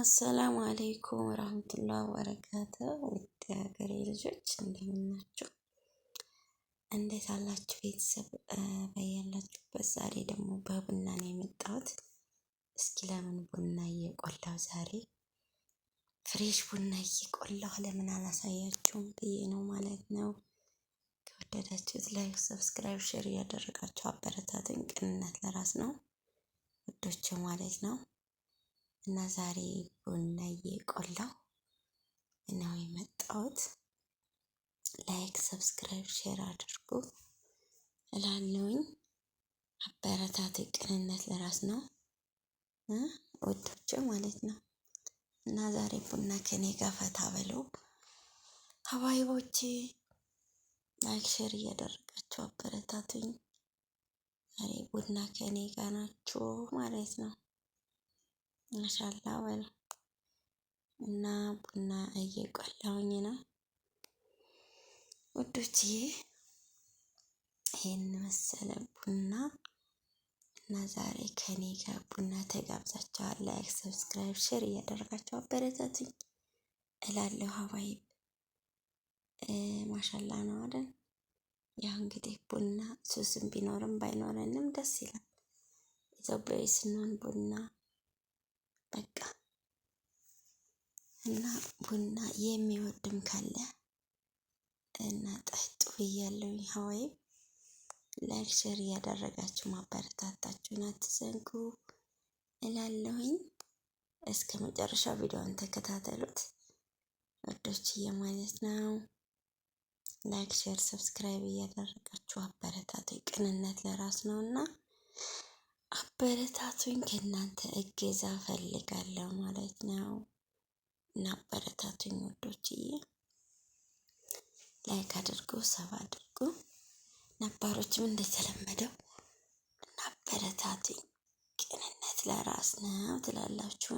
አሰላሙ አሌይኩም ረህመቱላህ ወበረካተ ውድ ሀገሬ ልጆች እንደምናችሁ፣ እንዴት አላችሁ? ቤተሰብ በያላችሁበት። ዛሬ ደግሞ በቡና ነው የመጣሁት። እስኪ ለምን ቡና እየቆላው ዛሬ ፍሬሽ ቡና እየቆላሁ ለምን አላሳያችሁም ብዬ ነው ማለት ነው። ከወደዳችሁት ላይክ፣ ሰብስክራይብ፣ ሼር እያደረጋችሁ አበረታትን። ቅንነት ለራስ ነው ውዶች ማለት ነው። እና ዛሬ ቡና እየቆላሁ ነው የመጣሁት። ላይክ፣ ሰብስክራይብ፣ ሼር አድርጉ እላለውኝ። አበረታት ቅንነት ለራስ ነው። ወዶች ማለት ነው። እና ዛሬ ቡና ከኔ ጋር ፈታ በሉ ሀባይቦቼ፣ ላይክ ሼር እያደረጋችሁ አበረታቱኝ። ዛሬ ቡና ከኔ ጋር ናችሁ ማለት ነው። ማሻላ በሉ እና ቡና እየቆላሁኝ ነው ውዶቼ፣ ይሄን መሰለ ቡና እና ዛሬ ከኔ ጋር ቡና ተጋብዛችኋል። ላይክ፣ ሰብስክራይብ፣ ሼር እያደረጋችሁ አበረታቱኝ እላለሁ። ሀባይብ ማሻላ ነው አይደል? ያው እንግዲህ ቡና ሱስም ቢኖርም ባይኖረንም ደስ ይላል። ኢትዮጵያዊ ስንሆን ቡና በቃ እና ቡና የሚወድም ካለ እና ጠጡ ብያለሁኝ ሀዋይብ ላይክ ሼር እያደረጋችሁ ማበረታታችሁን አትዘንጉ እላለሁኝ። እስከ መጨረሻው ቪዲዮውን ተከታተሉት ወዶችዬ ማለት ነው። ላይክ ሼር፣ ሰብስክራይብ እያደረጋችሁ አበረታቱኝ። ቅንነት ለራስ ነው እና አበረታቱኝ። ከእናንተ እገዛ ፈልጋለሁ ማለት ነው እና አበረታቱኝ ወዶችዬ ላይክ አድርጉ፣ ሰብ አድርጉ። ነባሮችም እንደተለመደው እናበረታቱኝ። ቅንነት ለራስ ነው ትላላችሁ።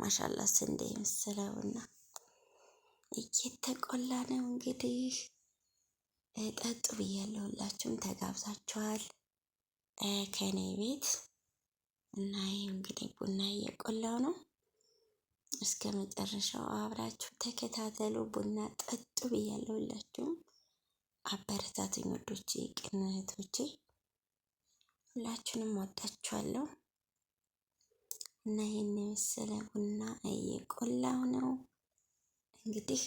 ማሻላ ስንዴ ምስለውና እየተቆላ ነው እንግዲህ ጠጡ ብያለሁላችሁም ተጋብዛችኋል ከኔ ቤት እና ይህ እንግዲህ ቡና እየቆላው ነው። እስከ መጨረሻው አብራችሁ ተከታተሉ። ቡና ጠጡ ብያለሁ አበረታቱኝ ወዶቼ፣ ቅን እህቶቼ ሁላችሁንም ወዳችኋለሁ እና ይህን የመሰለ ቡና እየቆላሁ ነው። እንግዲህ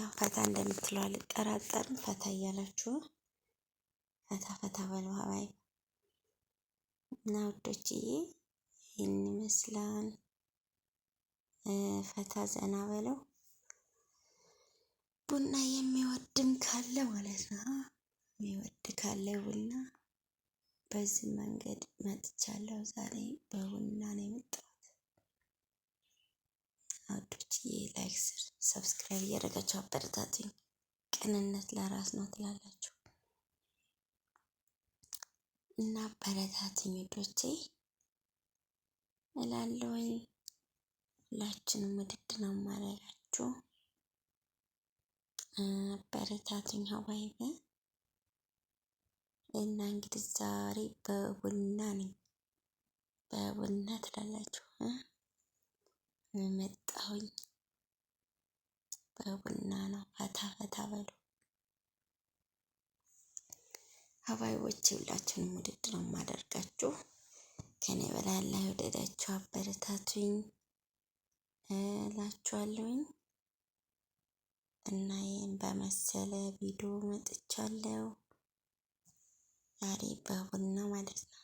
ያው ፈታ እንደምትለው አልጠራጠርም። ፈታ እያላችሁ ፈታ ፈታ በልባባይ እና ወዶችዬ ይህን ይመስላል። ፈታ ዘና በለው። ቡና የሚወድም ካለ ማለት ነው የሚወድ ካለ ቡና በዚህ መንገድ መጥቻለሁ። ዛሬ በቡና ነው የመጣሁት። አውዶችዬ ላይክ፣ ስር ሰብስክራይብ እያደረጋችሁ አበረታቱኝ። ቅንነት ለራስ ነው ትላላችሁ እና በረታትኝ ዶቼ እላለሁኝ። ሁላችንም ውድድ ነው ማረጋችሁ አበረታቱኝ ሀባይበ እና እንግዲህ ዛሬ በቡና ነኝ። በቡና ትላላችሁ መጣሁኝ። በቡና ነው ፈታ ፈታ በሉ ሀባይቦች፣ ሁላችሁንም ውድድ ነው የማደርጋችሁ። ከኔ በላይ አላህ የወደዳችሁ አበረታቱኝ እላችኋለሁኝ። እና ይህን በመሰለ ቪዲዮ መጥቻለሁ። ዛሬ በቡና ማለት ነው።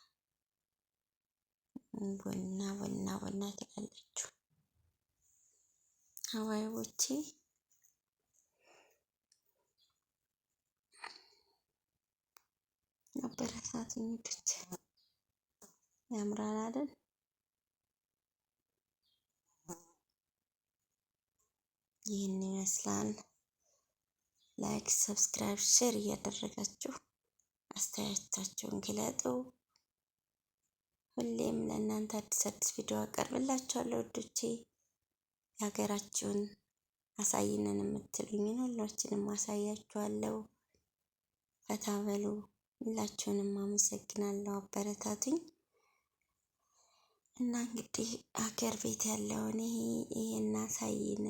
ቡና ቡና ቡና ትላለችው ሀዋይቦቼ ነበረ ሰዓት የሚሄዱት ያምራል አይደል? ይህን ይመስላል። ላይክ፣ ሰብስክራይብ፣ ሼር እያደረጋችሁ አስተያየታችሁን ግለጡ። ሁሌም ለእናንተ አዲስ አዲስ ቪዲዮ አቀርብላችኋለሁ ውዶቼ። የሀገራችሁን አሳይነን የምትሉኝን ሁላችንም አሳያችኋለሁ። ፈታ በሉ። ሁላችሁንም አመሰግናለሁ፣ አበረታቱኝ እና እንግዲህ ሀገር ቤት ያለውን ይሄ ይሄን አሳይን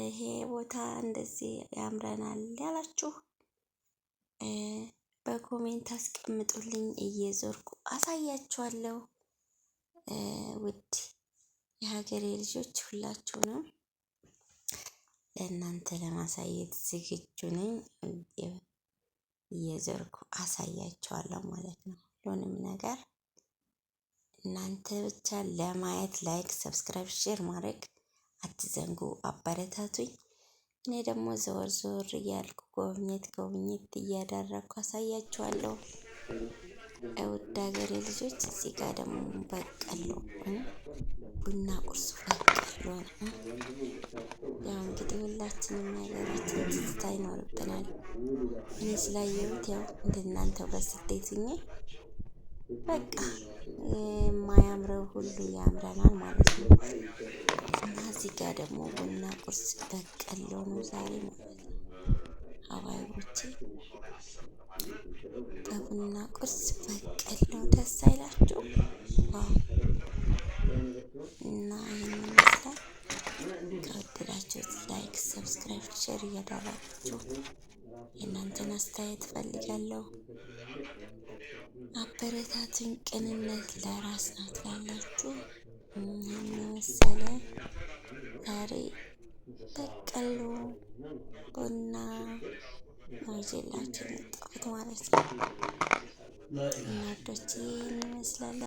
ይሄ ቦታ እንደዚህ ያምረናል ያላችሁ በኮሜንት አስቀምጡልኝ፣ እየዞርኩ አሳያችኋለሁ። ውድ የሀገሬ ልጆች ሁላችሁንም ለእናንተ ለማሳየት ዝግጁ ነኝ። እየዞርኩ አሳያችኋለሁ ማለት ነው ሁሉንም ነገር እናንተ ብቻ ለማየት ላይክ፣ ሰብስክራይብ፣ ሼር ማድረግ አትዘንጉ፣ አበረታቱኝ። እኔ ደግሞ ዘወር ዘወር እያልኩ ጎብኘት ጎብኘት እያደረግኩ አሳያችኋለሁ። ውድ ሀገሬ ልጆች፣ እዚህ ጋር ደግሞ በቀሎ ቡና ቁርስ በቀሎ ያው እንግዲህ ሁላችንም ሀገራችን ትዝታ ይኖርብናል። እኔ ስላየሁት ያው እንደናንተው በስደት ሁኜ በቃ የማያምረው ሁሉ ያምረናል ማለት ነው። እና እዚህ ጋር ደግሞ ቡና ቁርስ በቀሎ ነው ዛሬ ማለት ነው። በቡና ቁርስ በቀሎ ደስ አይላችሁ? እና ይህን ይመስላል። ከወደዳችሁት ላይክ፣ ሰብስክራይብ፣ ሼር እያደረጋችሁ የእናንተን አስተያየት ፈልጋለሁ። አበረታትን። ቅንነት ለራስ ናት ላላችሁ ይህን የመሰለ ዛሬ በቀሎ ቡና ማጀላችን የመጣሁት ማለት ነው። እናዶች ይህን ይመስላል።